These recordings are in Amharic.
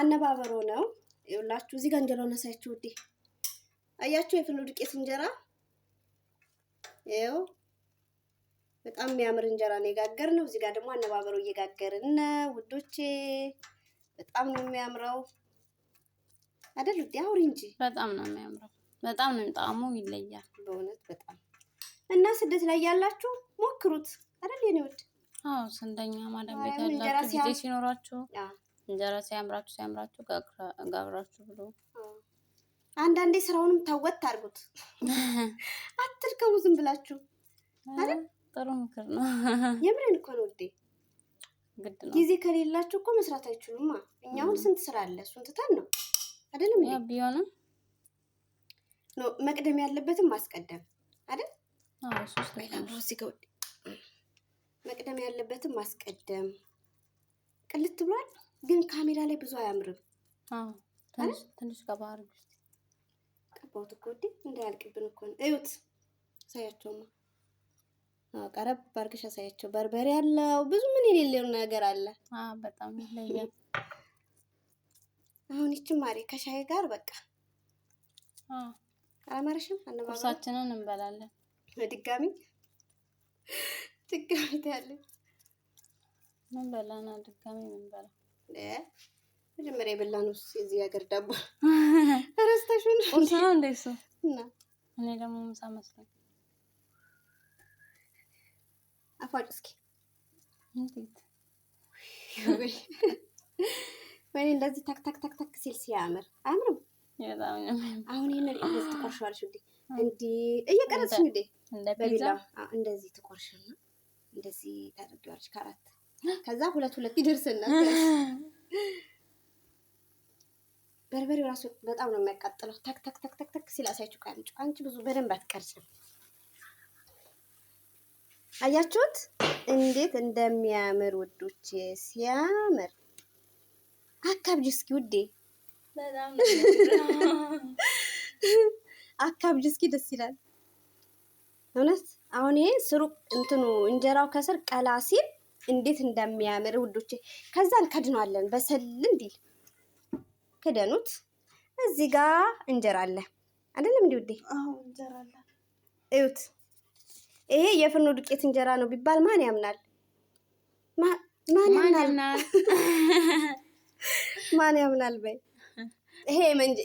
አነባበሮ ነው። ይኸውላችሁ እዚህ ጋር እንጀራውን አሳያችሁ ውዴ፣ አያችሁ የፍልፍል ዱቄት እንጀራ ይኸው በጣም የሚያምር እንጀራ ነው የጋገርነው። እዚህ ጋር ደግሞ አነባበሮ እየጋገርን ነው ውዶቼ፣ በጣም ነው የሚያምረው አይደል ውዴ? አውሪ እንጂ በጣም ነው የሚያምረው። በጣም ነው ጣዕሙ ይለያል በእውነት በጣም እና ስደት ላይ ያላችሁ ሞክሩት አይደል የኔ ውድ? አዎ ስንደኛ ማዳም ቤት ያላችሁ ጊዜ ሲኖራችሁ እንጀራ ሲያምራችሁ ሲያምራችሁ ጋግራችሁ ብሎ አንዳንዴ ስራውንም ታወት አድርጉት። አትድከሙ ዝም ብላችሁ። አረ ጥሩ ምክር ነው። የምርን እኮ ነው ውዴ። ግድ ነው። ጊዜ ከሌላችሁ እኮ መስራት አይችሉማ። እኛ ስንት ስራ አለ፣ እሱን ትተን ነው አይደለም። ቢሆንም ነው መቅደም ያለበትም ማስቀደም አይደል? ሲገው መቅደም ያለበትም ማስቀደም ቅልት ብሏል። ግን ካሜራ ላይ ብዙ አያምርም። ትንሽ ቀባ አድርጊ። ቀባሁት እኮ ወዲህ እንዳያልቅብን እኮ ነው። እዩት፣ አሳያቸውማ። ቀረብ ባርግሻ ሳያቸው በርበሬ አለው ብዙ ምን የሌለው ነገር አለ። በጣም ይለያል። አሁን ይችን ማሪ ከሻይ ጋር በቃ አላማረሽም? አነባሳችንን እንበላለን። በድጋሚ ድጋሚ ታያለች። ምን በላና ድጋሚ ምን በላ መጀመሪያ የበላነው የዚህ ሀገር ዳቦ ረስተሽን ቁርስ ነው እንደ እሱ እኔ ደግሞ ምሳ መስሎኝ አፏጭ እስኪ እንዴት ወይ እንደዚህ ታክ ታክ ታክ ታክ ሲል ሲያምር አያምርም? አሁን ይሄን እንደዚህ ትቆርሻለሽ እንዴ? እንዲህ እየቀረጽሽ እንዴ? በቢላ እንደዚህ ትቆርሽና እንደዚህ ታደርጊዋለሽ ከአራት ከዛ ሁለት ሁለት ይደርስናል። በርበሬው ራሱ በጣም ነው የሚያቃጥለው። ተክ ተክ ተክ ተክ ተክ ሲል አሳያችሁ። ከአንቺ አንቺ ብዙ በደንብ አትቀርጭም። አያችሁት እንዴት እንደሚያምር ውዶች፣ ሲያምር አካብጅ እስኪ ውዴ፣ አካብጅ እስኪ ደስ ይላል እውነት። አሁን ይሄ ስሩ እንትኑ እንጀራው ከስር ቀላ ሲል እንዴት እንደሚያምር ውዶቼ። ከዛ እንከድነዋለን በሰል እንዲል ክደኑት። እዚህ ጋር እንጀራ አለ አይደለም እንዴ ውዴ? አዎ እንጀራ አለ። እዩት። ይሄ የፍርኖ ዱቄት እንጀራ ነው ቢባል ማን ያምናል? ማን ያምናል? ማን ያምናል? በይ ይሄ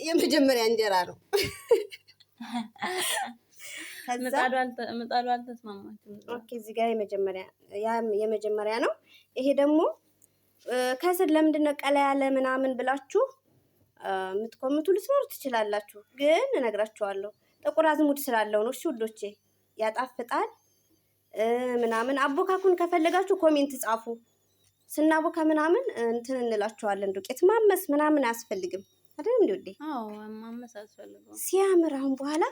የመጀመሪያ እንጀራ ነው። ምጣዱ አልተስማማችም። እዚህ ጋር የመጀመሪያ የመጀመሪያ ነው። ይሄ ደግሞ ከስር ለምንድን ነው ቀላ ያለ ምናምን ብላችሁ የምትኮምቱ ልትኖሩ ትችላላችሁ። ግን እነግራችኋለሁ ጥቁር አዝሙድ ስላለው ነው። እሺ ውዶቼ ያጣፍጣል ምናምን። አቦካኩን ከፈለጋችሁ ኮሜንት ጻፉ። ስናቦካ ምናምን እንትን እንላችኋለን። ዱቄት ማመስ ምናምን አያስፈልግም። አይደለም እንዴ? ማመስ አያስፈልግም። ሲያምር አሁን በኋላ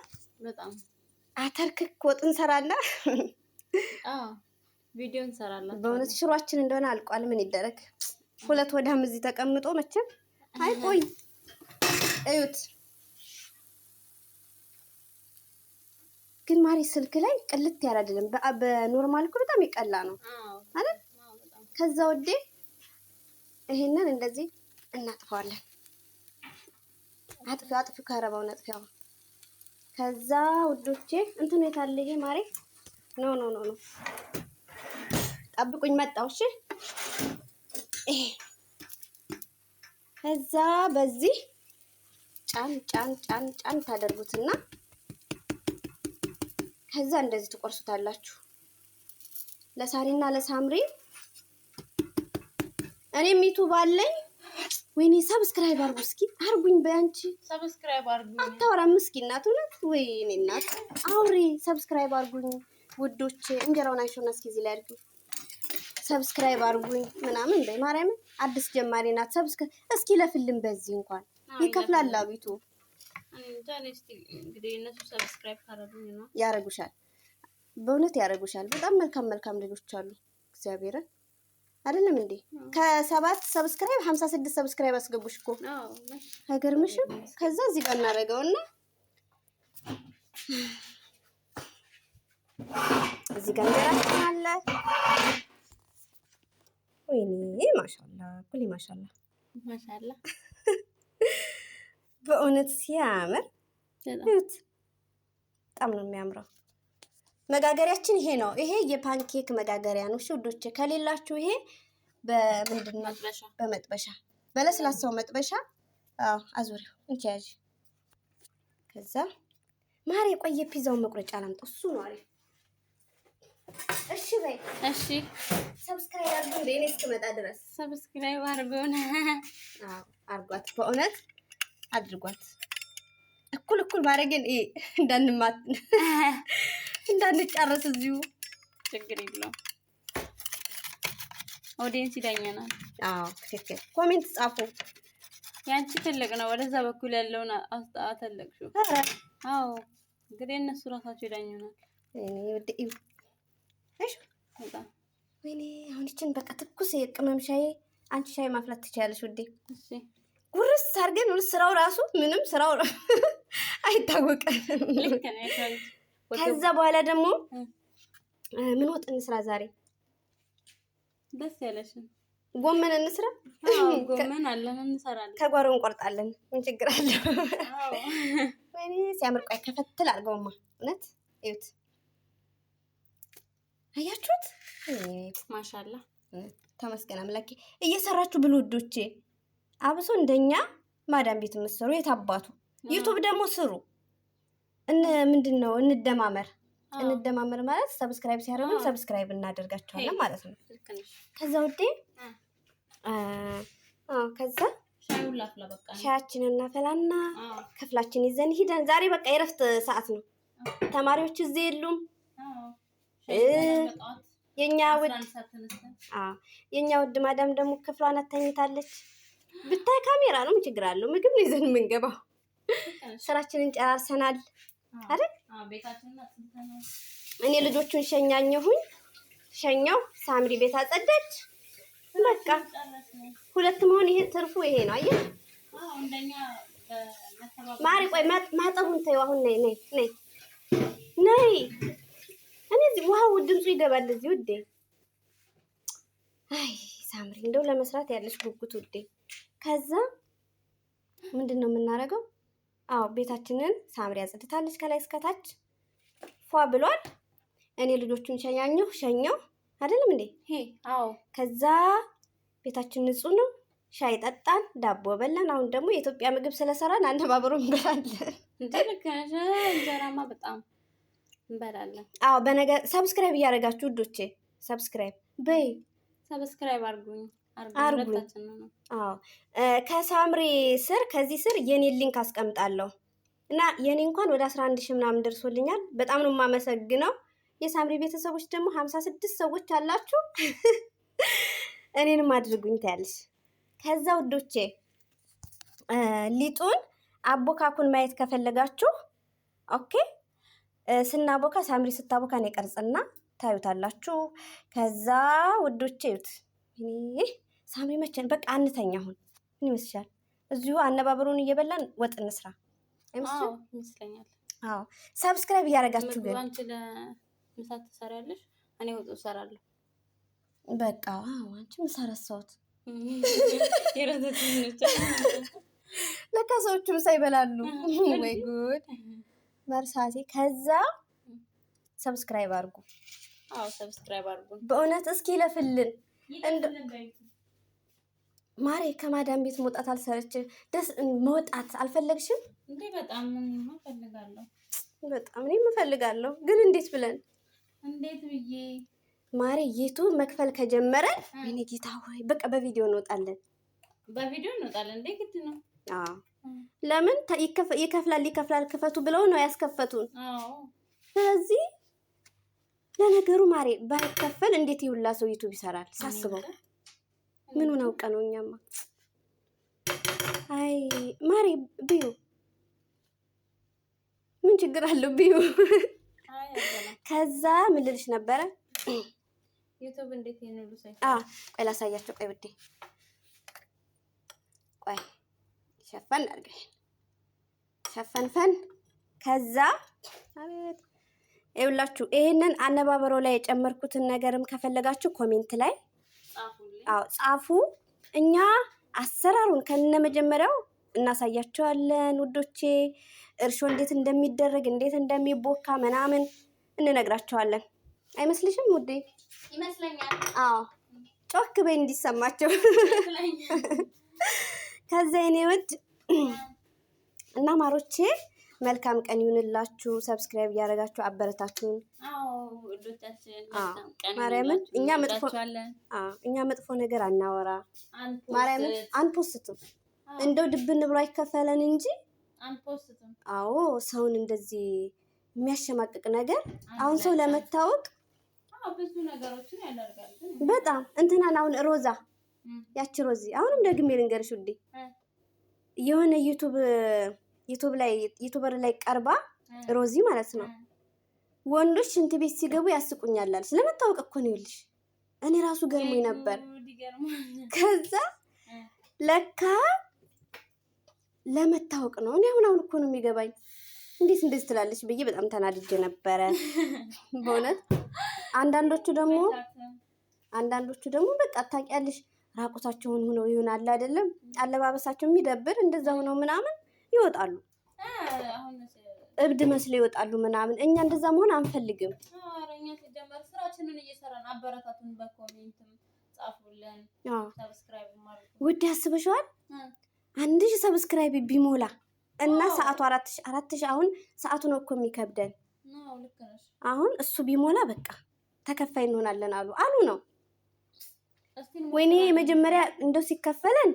በጣም አተርክክ ወጥ እንሰራላ ቪዲዮ እንሰራላ። በእውነት ሽሯችን እንደሆነ አልቋል። ምን ይደረግ? ሁለት ወዳም እዚህ ተቀምጦ መቼም አይቆይ። እዩት ግን ማሪ ስልክ ላይ ቅልት ያለ አይደለም። በኖርማል እኮ በጣም የቀላ ነው አይደል? ከዛ ወዴ ይሄንን እንደዚህ እናጥፈዋለን። አጥፊው አጥፊው ከረባውን አጥፊያው ከዛ ውዶቼ እንትን የታለ ይሄ ማሬ? ኖ ኖ ኖ ኖ ጠብቁኝ፣ መጣው። እሺ ከዛ በዚህ ጫን ጫን ጫን ጫን ታደርጉትና ከዛ እንደዚህ ትቆርሱታላችሁ። ለሳሪና ለሳምሪ እኔም ዩቱብ አለኝ። ወይኔ ሰብስክራይብ አርጉ እስኪ አርጉኝ። በያንቺ ሰብስክራይብ አርጉኝ። አታወራም እስኪ እናት እውነት ወይኔ እናት አውሪ። ሰብስክራይብ አርጉኝ ውዶች። እንጀራውን አይሾና እስኪ እዚህ ላይ አድርጊ። ሰብስክራይብ አርጉኝ ምናምን በይ። ማርያም። አዲስ ጀማሪ ናት። ሰብስክራይብ እስኪ ለፍልም በዚህ እንኳን ይከፍላል አቢቱ ያረጉሻል፣ በእውነት ያረጉሻል። በጣም መልካም መልካም ልጆች አሉ እግዚአብሔርን አይደለም እንዴ? ከሰባት ሰብስክራይብ ሀምሳ ስድስት ሰብስክራይብ አስገቡሽ እኮ አይገርምሽም? ከዛ እዚህ ጋር እና እዚህ ጋር እንጀራችን አለ። ወይኔ ማሻላ ኩሊ ማሻላ ማሻላ፣ በእውነት ሲያምር በጣም ነው የሚያምረው። መጋገሪያችን ይሄ ነው። ይሄ የፓንኬክ መጋገሪያ ነው ውዶች። ከሌላችሁ ይሄ በምንድን ነው በመጥበሻ በለስላሳው መጥበሻ አዙሪው እንኪያዥ። ከዛ ማር የቆየ ፒዛውን መቁረጫ ላምጣ። እሱ ነው አሪፍ። እሺ በይ እሺ። ሰብስክራይብ አርጉ እንደ እስክመጣ ድረስ ሰብስክራይብ አድርጉን። አርጓት በእውነት አድርጓት። እኩል እኩል ማድረግን እንዳንማት እንዳንጨርስ እዚሁ ችግር የለውም። ኦዲየንስ ይዳኘናል። አዎ ትክክል። ኮሜንት ጻፉ። ያንቺ ትልቅ ነው። ወደዛ በኩል ያለውን አስጣ አተለቅሹ። አዎ እንግዲህ እነሱ ራሳቸው ይዳኙናል። ወይኔ አሁን ይችን በቃ ትኩስ የቅመም ሻይ አንቺ ሻይ ማፍላት ትችላለች ውዴ። ጉርስ አድርገን ስራው ራሱ ምንም ስራው አይታወቀም። ከዛ በኋላ ደግሞ ምን ወጥ እንስራ ዛሬ? ደስ ያለሽን ጎመን እንስራ። ጎመን አለን እንሰራለን። ከጓሮ እንቆርጣለን። ምን ችግር አለው? ወይኔ ሲያምር! ቆይ ከፈትል አድርገውማ እውነት እዩት። አያችሁት? ማሻላ ተመስገን አምላኬ። እየሰራችሁ ብሉ ውዶቼ። አብሶ እንደኛ ማዳም ቤት የምትሰሩ የታባቱ ዩቱብ ደግሞ ስሩ። ምንድን ነው እንደማመር እንደማመር ማለት ሰብስክራይብ ሲያደርጉን ሰብስክራይብ እናደርጋቸዋለን ማለት ነው። ከዛ ውዴ ከዛ ሻያችንን እናፈላና ክፍላችን ይዘን ሂደን ዛሬ በቃ የረፍት ሰዓት ነው። ተማሪዎች እዚህ የሉም። የኛ ውድ የኛ ውድ ማዳም ደግሞ ክፍሏን አተኝታለች። ብታይ ካሜራ ነው፣ ችግር አለው። ምግብ ነው ይዘን የምንገባው። ስራችንን ጨራርሰናል። አይደል? እኔ ልጆቹን ሸኛኘሁኝ ሸኛው ሳምሪ ቤት አጸዳች። በቃ ሁለት መሆን ይሄ ትርፉ ይሄ ነው። አየህ ማሪ፣ ቆይ ማጠቡን ተይው። አሁን ነይ ነይ ነይ ነይ። እነዚህ ውሃው ድምፁ ይገባል እዚህ ውዴ። አይ ሳምሪ፣ እንደው ለመስራት ያለች ጉጉት ውዴ። ከዛ ምንድን ነው የምናደርገው? አዎ ቤታችንን ሳምሪ አጽድታለች፣ ከላይ እስከታች ፏ ብሏል። እኔ ልጆቹን ሸኛኘሁ ሸኘው አይደለም እንዴ? አዎ። ከዛ ቤታችን ንጹህ ነው። ሻይ ጠጣን፣ ዳቦ በላን። አሁን ደግሞ የኢትዮጵያ ምግብ ስለሰራን አነባብሮ እንበላለን። እንጀራማ በጣም እንበላለን። አዎ። በነገ ሰብስክራይብ እያደረጋችሁ ውዶቼ፣ ሰብስክራይብ በይ፣ ሰብስክራይብ አድርጉኝ። አርጉ። አዎ ከሳምሪ ስር ከዚህ ስር የኔ ሊንክ አስቀምጣለሁ እና የኔ እንኳን ወደ አስራ 11 ሺህ ምናምን ደርሶልኛል። በጣም ነው የማመሰግነው። የሳምሪ ቤተሰቦች ደግሞ 56 ሰዎች አላችሁ። እኔንም አድርጉኝ ታያለሽ። ከዛ ውዶቼ ሊጡን አቦካኩን ማየት ከፈለጋችሁ ኦኬ፣ ስናቦካ ሳምሪ ስታቦካ ነው ቀርጽና ታዩታላችሁ። ከዛ ውዶቼ ይዩት ሳምሪ መቼን በቃ አንተኛ። አሁን ምን ይመስልሻል? እዚሁ አነባበሩን እየበላን ወጥ እንስራ ይመስለኛል። አዎ ሰብስክራይብ እያደረጋችሁ ግን አንቺ ለምሳ ትሰሪያለሽ፣ እኔ ወጥ እሰራለሁ። በቃ አንቺ ምሳ ረሳሁት። ለካ ሰዎቹ ምሳ ይበላሉ። ወይ ጉድ መርሳቴ። ከዛ ሰብስክራይብ አድርጉ። አዎ ሰብስክራይብ አድርጉ። በእውነት እስኪ ለፍልን ማሬ ከማዳም ቤት መውጣት አልሰረች ደስ መውጣት አልፈለግሽም እንዴ? በጣም እኔማ እፈልጋለሁ። በጣም እኔ እፈልጋለሁ፣ ግን እንዴት ብለን እንዴት ብዬ ማሬ የቱ መክፈል ከጀመረ የእኔ ጌታ ሆይ በቃ በቪዲዮ እንወጣለን፣ በቪዲዮ እንወጣለን። እንዴ ግድ ነው። ለምን ይከፍላል፣ ይከፍላል። ክፈቱ ብለው ነው ያስከፈቱን። ስለዚህ ለነገሩ ማሬ ባይከፈል እንዴት ይውላ ሰው ዩቱብ ይሰራል ሳስበው ምኑን አውቀ ነው? እኛማ አይ ማሬ ብዩ ምን ችግር አለው ብዩ። ከዛ ምን ልልሽ ነበረ? ዩቱብ እንዴት ነው ቆይ ላሳያቸው። ቆይ ውዴ ቆይ ሸፈን አድርገሽ ሸፈንፈን። ከዛ አቤት ይኸውላችሁ ይሄንን አነባበሮ ላይ የጨመርኩትን ነገርም ከፈለጋችሁ ኮሜንት ላይ አዎ ጻፉ። እኛ አሰራሩን ከነመጀመሪያው እናሳያቸዋለን ውዶቼ። እርሾ እንዴት እንደሚደረግ እንዴት እንደሚቦካ ምናምን እንነግራቸዋለን። አይመስልሽም ውዴ? ይመስለኛል። አዎ ጮክ በይ እንዲሰማቸው። ከዛ የኔ ውድ እና ማሮቼ መልካም ቀን ይሁንላችሁ። ሰብስክራይብ እያደረጋችሁ አበረታችሁን። ማርያምን እኛ መጥፎ ነገር አናወራ። ማርያምን አንፖስትም፣ እንደው ድብን ብሎ አይከፈለን እንጂ አዎ፣ ሰውን እንደዚህ የሚያሸማቅቅ ነገር አሁን ሰው ለመታወቅ በጣም እንትናን አሁን ሮዛ ያቺ ሮዚ አሁንም ደግሜ ልንገርሽ ውዴ የሆነ ዩቱብ ዩቱብ ላይ ዩቱበር ላይ ቀርባ ሮዚ ማለት ነው ወንዶች ሽንት ቤት ሲገቡ ያስቁኛል አለች። ለመታወቅ እኮ ነው ይልሽ እኔ ራሱ ገርሞኝ ነበር። ከዛ ለካ ለመታወቅ ነው። እኔ አሁን አሁን እኮ ነው የሚገባኝ እንዴት እንደዚህ ትላለች ብዬ በጣም ተናድጄ ነበረ በእውነት። አንዳንዶቹ ደግሞ አንዳንዶቹ ደግሞ በቃ ታውቂያለሽ ራቁታቸውን ሆነው ይሆናል አይደለም አለባበሳቸው የሚደብር እንደዛ ሆነው ምናምን ይወጣሉ፣ እብድ መስለ ይወጣሉ ምናምን። እኛ እንደዛ መሆን አንፈልግም። ውድ ያስበሽዋል። አንድ ሺ ሰብስክራይብ ቢሞላ እና ሰዓቱ አራት ሺ አራት ሺህ አሁን ሰዓቱ ነው እኮ የሚከብደን። አሁን እሱ ቢሞላ በቃ ተከፋይ እንሆናለን አሉ አሉ ነው። ወይኔ መጀመሪያ እንደው ሲከፈለን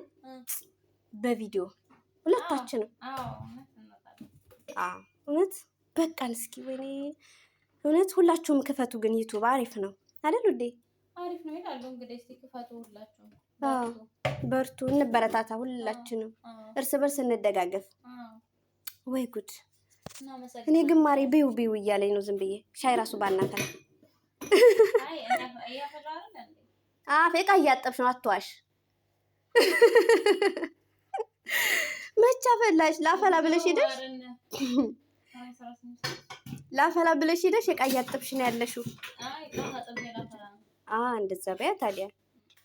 በቪዲዮ ሁለታችንም እውነት በቃል እስኪ ወይኔ እውነት ሁላችሁም ክፈቱ፣ ግን ዩቱብ አሪፍ ነው አይደል ውዴ? አሪፍ ነው ይላሉ እንግዲህ። እስኪ ክፈቱ ሁላችሁም። በርቱ፣ እንበረታታ፣ ሁላችንም እርስ በርስ እንደጋገፍ። ወይ ጉድ! እኔ ግን ማሬ ብዩ ብዩ እያለኝ ነው ዝም ብዬ ሻይ ራሱ ባናተ አፍ ዕቃ እያጠብሽ ነው፣ አትዋሽ። መቻ ፈላሽ ላፈላ ብለሽ ሄደሽ ላፈላ ብለሽ ሄደሽ እቃ እያጠብሽ ነው ያለሽው። አ እንደዛ በያ ታዲያ።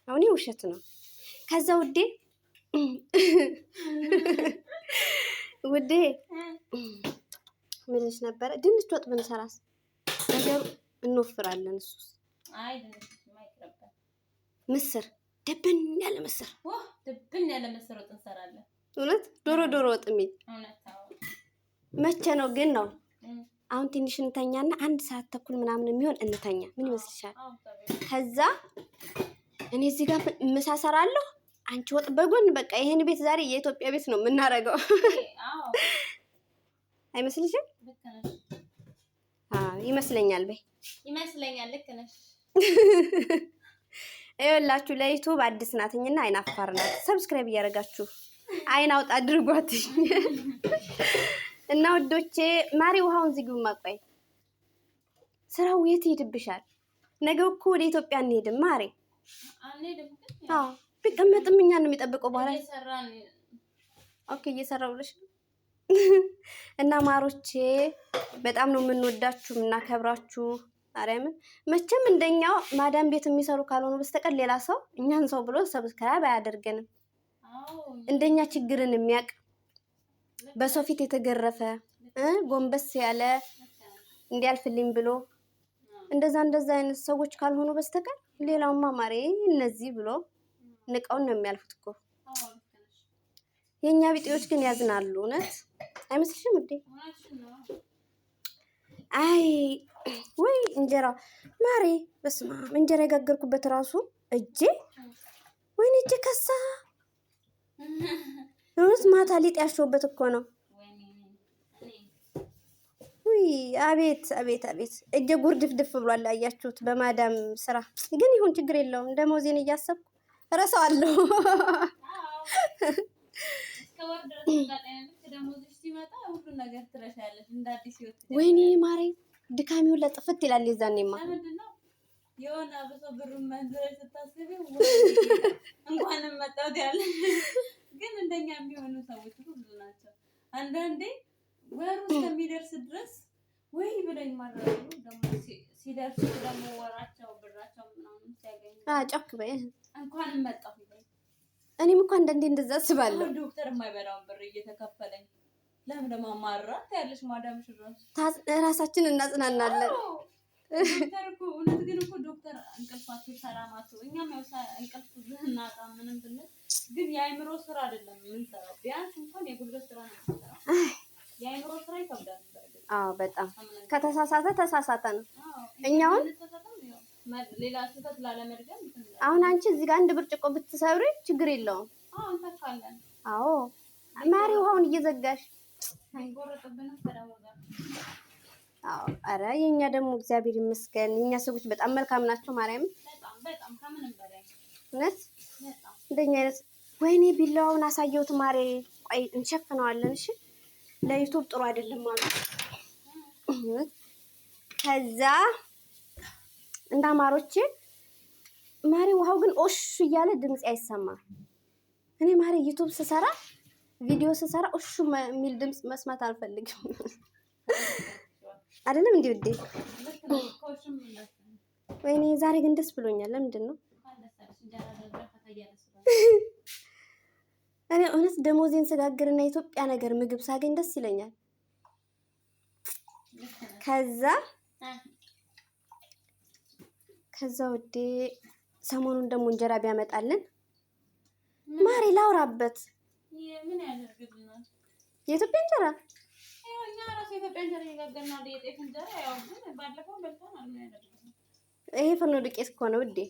አሁን ውሸት ነው። ከዛ ውዴ ውዴ ምንሽ ነበረ? ድንች ወጥ ብንሰራስ ነገሩ እንወፍራለን። እሱ ምስር ደብን ያለ ምስር ደብን ያለ ምስር ወጥ እንሰራለን። እውነት ዶሮ ዶሮ ወጥ የሚል መቼ ነው ግን ነው? አሁን ትንሽ እንተኛና አንድ ሰዓት ተኩል ምናምን የሚሆን እንተኛ። ምን ይመስልሻል? ከዛ እኔ እዚህ ጋር ምሳ ሰራለሁ፣ አንቺ ወጥ በጎን በቃ ይሄን ቤት ዛሬ የኢትዮጵያ ቤት ነው የምናደርገው። አይመስልሽም? ይመስለኛል በይ ይመስለኛል። ልክ ነሽ። ይኸውላችሁ ለዩቱብ አዲስ ናትኝና አይናፋር ናት። ሰብስክራይብ እያደረጋችሁ አይን አውጣ አድርጓት እና ውዶቼ፣ ማሪ ውሃውን ዝጊው ማቆይ ስራው የት ይሄድብሻል? ነገ እኮ ወደ ኢትዮጵያ እንሄድም ማሪ። አዎ ቢቀመጥም እኛን ነው የሚጠብቀው። በኋላ ኦኬ፣ እየሰራው ብለሽ እና ማሮቼ፣ በጣም ነው የምንወዳችሁ የምናከብራችሁ። ማርያምን መቼም እንደኛው ማዳም ቤት የሚሰሩ ካልሆኑ በስተቀር ሌላ ሰው እኛን ሰው ብሎ ሰብስክራይብ አያደርገንም። እንደኛ ችግርን የሚያውቅ በሰው ፊት የተገረፈ ጎንበስ ያለ እንዲያልፍልኝ ብሎ እንደዛ እንደዛ አይነት ሰዎች ካልሆኑ በስተቀር ሌላውማ ማሬ እነዚህ ብሎ ንቀውን ነው የሚያልፉት እኮ። የእኛ ቢጤዎች ግን ያዝናሉ። እውነት አይመስልሽም እንዴ? አይ ወይ እንጀራ ማሬ፣ በስመ አብ እንጀራ የጋገርኩበት ራሱ እጄ ወይኔ እጄ ከሳ እውነት ማታ ሊጥ ያሸውበት እኮ ነው። ውይ አቤት አቤት አቤት! እጀ ጉር ድፍድፍ ብሏል። አያችሁት? በማዳም ስራ ግን ይሁን ችግር የለውም። ደሞዜን እያሰብኩ እረሳዋለሁ። ወይኔ ማሬ ድካሚውን ለጥፍት ይላል የዛኔማ የሆነ አብሶ ብሩን መንዝረሽ ስታስቢ እንኳንም መጣሁት ያለ ግን እንደኛ የሚሆኑ ሰዎች ብዙ ናቸው። አንዳንዴ ወሩ እስከሚደርስ ድረስ ወይ ብለኝ ማድረጉ ደግሞ ሲደርሱ ደግሞ ወራቸው ብራቸው ምናምን ሲያገኙ ጮክ በይ እንኳንም መጣሁ ይለኝ። እኔም እኮ አንዳንዴ እንደዛ አስባለሁ። ዶክተር የማይበላውን ብር እየተከፈለኝ ለምን ደግሞ ማራት ያለች ማዳምሽ ራሱ ራሳችን እናጽናናለን። ዶክተር እኮ እውነት ግን እኮ ዶክተር እኛም ያው እንቅልፍ ብናጣ ምንም ብንል ግን የአእምሮ ስራ አይደለም የምንሰራው። ቢያንስ እንኳን የጉልበት ስራ ነው የምንሰራው። ስራ ይከብዳል። አዎ በጣም ከተሳሳተ ተሳሳተ ነው። እኛውን ሌላ ስህተት ላለመድገም አሁን አንቺ እዚህ ጋር አንድ ብርጭቆ ብትሰብሪ ችግር የለውም። አዎ እንተካለን። አዎ ማሪ ውሃውን እየዘጋሽ አረ የኛ ደግሞ እግዚአብሔር ይመስገን የኛ ሰዎች በጣም መልካም ናቸው። ማርያም እውነት እንደኛ አይነት ወይኔ ቢላዋውን አሳየሁት ማሬ። ቆይ እንሸፍነዋለን። እሺ ለዩቱብ ጥሩ አይደለም አሉ። ከዛ እንዳማሮች ማሬ ውሃው ግን ኦሽ እያለ ድምፅ አይሰማ። እኔ ማሬ ዩቱብ ስሰራ ቪዲዮ ስሰራ ኦሽ የሚል ድምፅ መስማት አልፈልግም። አይደለም እንዲህ ውዴ። ወይኔ ዛሬ ግን ደስ ብሎኛል። ለምንድን ነው እኔ እውነት ደሞዜን ስጋግርና የኢትዮጵያ ነገር ምግብ ሳገኝ ደስ ይለኛል። ከዛ ከዛ ውዴ ሰሞኑን ደግሞ እንጀራ ቢያመጣልን ማሬ ላውራበት የኢትዮጵያ እንጀራ ይሄ ፍርኖ ዱቄት እኮ ነው ውዴ፣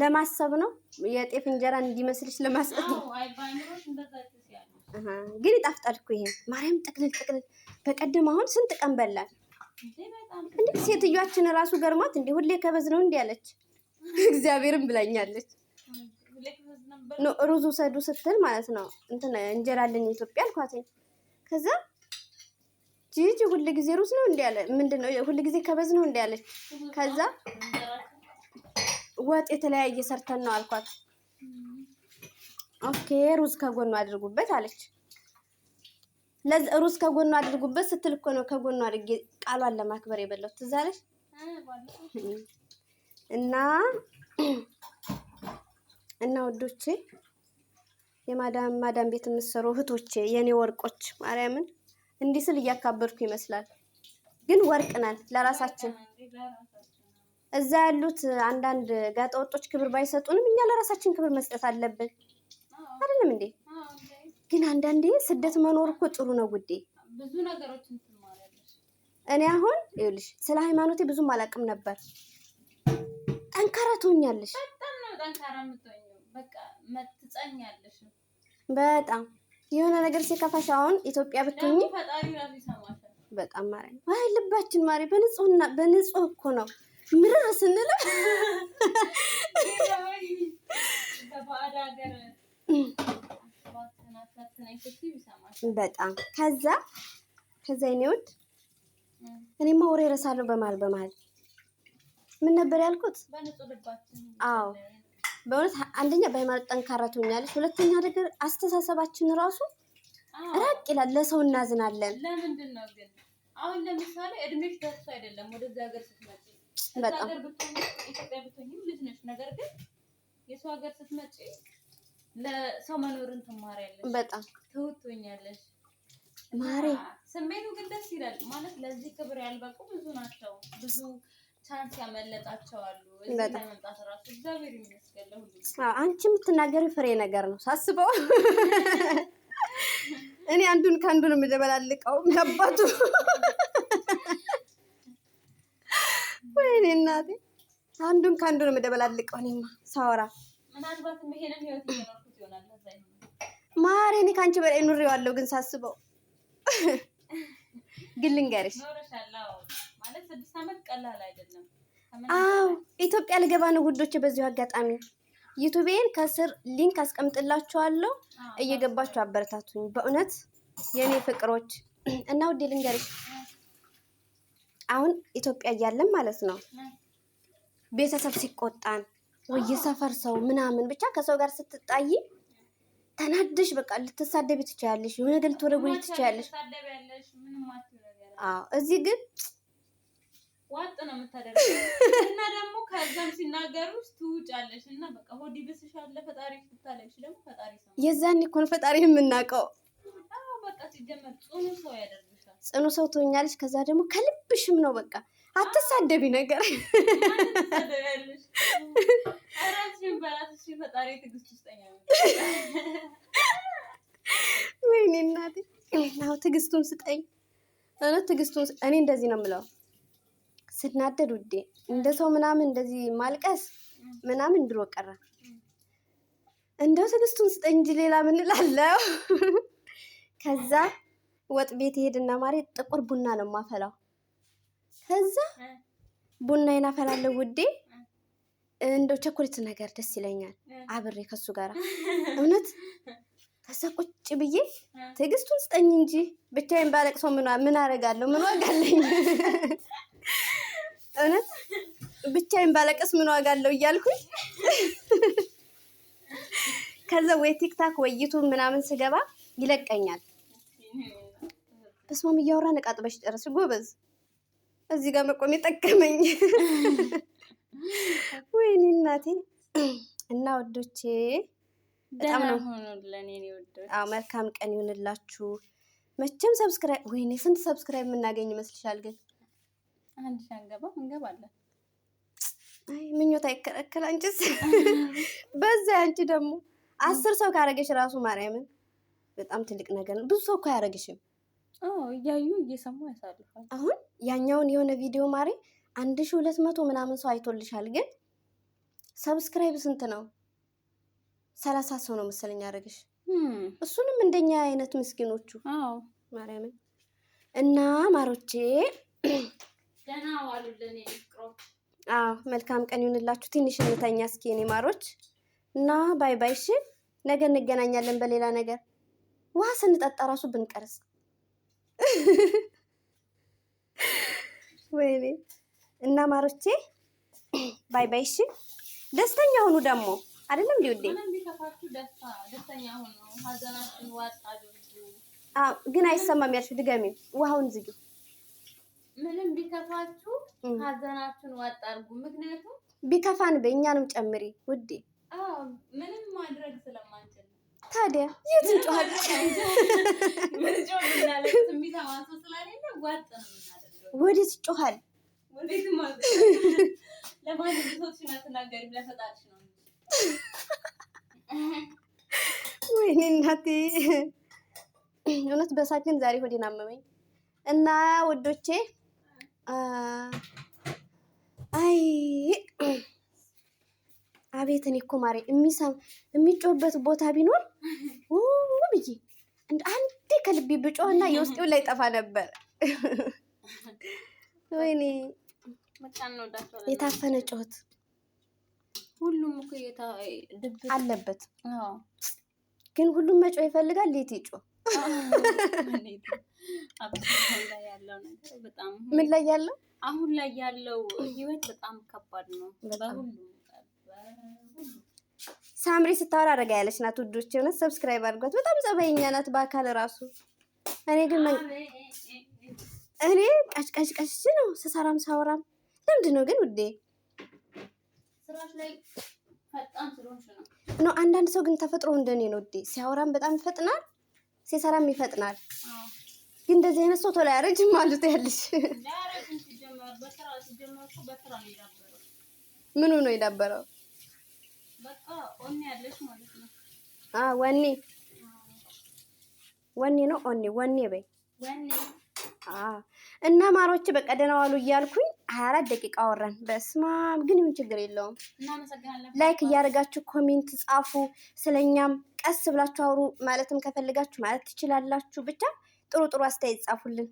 ለማሰብ ነው። የጤፍ እንጀራ እንዲመስልሽ ለማሰብ ነው። ግን ይጣፍጣል እኮ ይሄ ማርያም፣ ጥቅልል ጥቅልል። በቀደም አሁን ስንት ቀን በላል። እንዴት ሴትዮዋችን እራሱ ገርሟት እንዴ ሁሌ ከበዝ ነው እንዴ አለች። እግዚአብሔርም ብላኛለች። ሩዙ ሰዱ ስትል ማለት ነው እንትን እንጀራልን ኢትዮጵያ አልኳትኝ ከዛ ጂጂ ሁል ጊዜ ሩዝ ነው እንዴ ያለ ምንድን ሁል ጊዜ ከበዝ ነው እንዴ ያለች። ከዛ ወጥ የተለያየ ሰርተን ነው አልኳት። ኦኬ ሩዝ ከጎኑ አድርጉበት አለች። ሩዝ ከጎኑ አድርጉበት ስትል እኮ ነው ከጎኑ አድርጌ ቃሏን ለማክበር የበላው ትዝ አለች። እና እና ወዶቼ የማዳም ማዳም ቤት የምትሰሩ እህቶቼ የኔ ወርቆች ማርያምን እንዲህ ስል እያካበድኩ ይመስላል፣ ግን ወርቅ ነን ለራሳችን። እዛ ያሉት አንዳንድ ጋጠወጦች ክብር ባይሰጡንም እኛ ለራሳችን ክብር መስጠት አለብን። አይደለም እንዴ? ግን አንዳንዴ ስደት መኖር እኮ ጥሩ ነው ውዴ። እኔ አሁን ይኸውልሽ ስለ ሃይማኖቴ ብዙም አላውቅም ነበር። ጠንካራ ትሆኛለሽ። በቃ መትጸኛለሽ በጣም የሆነ ነገር ሲከፋሽ፣ አሁን ኢትዮጵያ ብትሆኚ በጣም ማሪ አይ ልባችን ማሪ በንጹህና በንጹህ እኮ ነው ምርር ስንል በጣም ከዛ ከዛ ውድ እኔ ማውሬ እረሳለሁ በማል በማል ምን ነበር ያልኩት? አዎ በእውነት አንደኛ በሃይማኖት ጠንካራ ትሆኛለች። ሁለተኛ ነገር አስተሳሰባችን ራሱ ራቅ ይላል። ለሰው እናዝናለን። ለምንድን ነው ግን አሁን ለምሳሌ እድሜሽ ደርሶ አይደለም ወደዚህ ሀገር ስትመጪ፣ በጣም ኢትዮጵያ ብትሆኝም ልጅ ነሽ። ነገር ግን የሰው ሀገር ስትመጪ ለሰው መኖርን ትማሪያለሽ። በጣም ትሁት ትሆኛለሽ። ማሬ ስሜቱ ግን ደስ ይላል። ማለት ለዚህ ክብር ያልበቁ ብዙ ናቸው ብዙ ቻንስ ያመለጣቸው አሉ። አንቺ የምትናገሪ ፍሬ ነገር ነው ሳስበው እኔ አንዱን ከአንዱን የምደበላልቀው ያባቱ ወይኔ እናቴ አንዱን ከአንዱን የምደበላልቀው እኔማ ሳወራ ማሬ እኔ ከአንቺ በላይ ኑሬዋለሁ። ግን ሳስበው ግን ልንገርሽ ስድስት ዓመት ቀላል አይደለም። አዎ ኢትዮጵያ ልገባ ነው ጉዶች። በዚሁ አጋጣሚ ዩቱቤን ከስር ሊንክ አስቀምጥላችኋለሁ እየገባችሁ አበረታቱኝ። በእውነት የእኔ ፍቅሮች እና ውዴ ልንገርሽ፣ አሁን ኢትዮጵያ እያለን ማለት ነው ቤተሰብ ሲቆጣን ወይ የሰፈር ሰው ምናምን ብቻ ከሰው ጋር ስትጣይ ተናደሽ በቃ ልትሳደቢ ትችያለሽ፣ የሆነ ነገር ልትወረጉኝ ትችያለሽ። እዚህ ግን ዋጥ ነው የምታደርገው። እና ደግሞ ከዛም ሲናገሩ ትውጫለሽ እና በቃ ሆድ ይብስሻል። ፈጣሪ ስታለሽ ደግሞ ፈጣሪ ሰው የዛን ኮን ፈጣሪ የምናውቀው በቃ ሲጀመር ጽኑ ሰው ያደርግሻል። ጽኑ ሰው ትሆኛለሽ። ከዛ ደግሞ ከልብሽም ነው በቃ አትሳደቢ ነገር ወይኔ እናቴ፣ ትግስቱን ስጠኝ። ትግስቱን እኔ እንደዚህ ነው የምለው ስናደድ ውዴ እንደ ሰው ምናምን እንደዚህ ማልቀስ ምናምን ድሮ ቀረ። እንደው ስድስቱን ስጠኝ እንጂ ሌላ ምን እላለሁ። ከዛ ወጥ ቤት ሄድና ማሬ ጥቁር ቡና ነው ማፈላው። ከዛ ቡና ይናፈላለው ውዴ እንደው ቸኮሌት ነገር ደስ ይለኛል አብሬ ከሱ ጋር እውነት። ከዛ ቁጭ ብዬ ትዕግስቱን ስጠኝ እንጂ ብቻዬን ባለቅሶ ምን አረጋለሁ? ምን ዋጋለኝ? እውነት ብቻዬን ባለቀስ ምን ዋጋ አለው እያልኩኝ ከዛ ወይ ቲክታክ ወይ ዩቱብ ምናምን ስገባ ይለቀኛል። በስማም እያወራን ዕቃ በሽ ጨርስ ጎበዝ። እዚህ ጋር መቆም የጠቀመኝ ወይኔ እናቴ እና ወዶቼ በጣም ነው። መልካም ቀን ይሁንላችሁ። መቼም ሰብስክራይብ ወይኔ ስንት ሰብስክራይብ የምናገኝ ይመስልሻል ግን አንድ ሻንገባ እንገባለን። አይ ምኞት አይከለከል። አንቺስ በዛ አንቺ ደግሞ አስር ሰው ካረገሽ ራሱ ማርያምን በጣም ትልቅ ነገር ነው። ብዙ ሰው እኮ አያረግሽም። እያዩ እየሰሙ ያሳልፋል። አሁን ያኛውን የሆነ ቪዲዮ ማሪ አንድ ሺ ሁለት መቶ ምናምን ሰው አይቶልሻል። ግን ሰብስክራይብ ስንት ነው? ሰላሳ ሰው ነው መሰለኝ ያረግሽ። እሱንም እንደኛ አይነት ምስኪኖቹ ማርያምን እና ማሮቼ ደህና ዋሉልን። አዎ፣ መልካም ቀን ይሁንላችሁ። ትንሽ እንተኛ እስኪ የኔ ማሮች እና ባይ ባይ። እሺ፣ ነገ እንገናኛለን በሌላ ነገር። ውሃ ስንጠጣ ራሱ ብንቀርጽ ወይኔ። እና ማሮቼ ባይ ባይ። እሺ፣ ደስተኛ ሁኑ ደግሞ አይደለም ውዴ። ግን አይሰማም ያልሽው ድገሚ፣ ውሃውን ዝጊው ምንም ቢከፋችሁ ሀዘናችሁን ዋጥ አድርጉ። ምክንያቱም ቢከፋን በእኛንም ጨምሪ ውዴ፣ ምንም ማድረግ ስለማንችል ታዲያ የት እንጮሃል? ወዴት ጮሃል? ወይኔ እናቴ እውነት በሳችን ዛሬ ሆዴን አመመኝ እና ወዶቼ አይ አቤት እኔ እኮ ማሬ የሚጮህበት ቦታ ቢኖር ብዬ እንደ አንዴ ከልቤ ብጮህና የውስጤውን ላይ ጠፋ ነበር። ወይኔ የታፈነ ጩኸት ሁሉም አለበት። ግን ሁሉም መጮህ ይፈልጋል። ሌት ይጮህ ምን ላይ ያለው አሁን ላይ ያለው ህይወት በጣም ከባድ ነው። ሳምሪ ስታወራ አረጋ ያለች ናት። ውዶች የሆነ ሰብስክራይብ አድርጓት። በጣም ጸባይኛ ናት በአካል ራሱ። እኔ ግን እኔ ቀጭቀጭቀጭ ነው ስሰራም ሳወራም። ለምንድን ነው ግን ውዴ? ነው አንዳንድ ሰው ግን ተፈጥሮ እንደኔ ነው ውዴ። ሲያወራም በጣም ይፈጥናል፣ ሲሰራም ይፈጥናል። ግን እንደዚህ አይነት ሰው ቶሎ አያረጅም ማለት ያለሽ ምኑ ነው የዳበረው? ወኔ ወኔ ነው ኦኔ ወኔ በይ እና ማሮች በቃ ደህና ዋሉ እያልኩኝ ሀያ አራት ደቂቃ አወራን። በስማም ግን ምን ችግር የለውም። ላይክ እያደረጋችሁ ኮሜንት ጻፉ። ስለኛም ቀስ ብላችሁ አውሩ። ማለትም ከፈልጋችሁ ማለት ትችላላችሁ ብቻ ጥሩ ጥሩ አስተያየት ጻፉልን።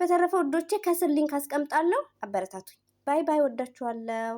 በተረፈ ውዶቼ ከስር ሊንክ አስቀምጣለሁ። አበረታቱኝ። ባይ ባይ። ወዳችኋለሁ።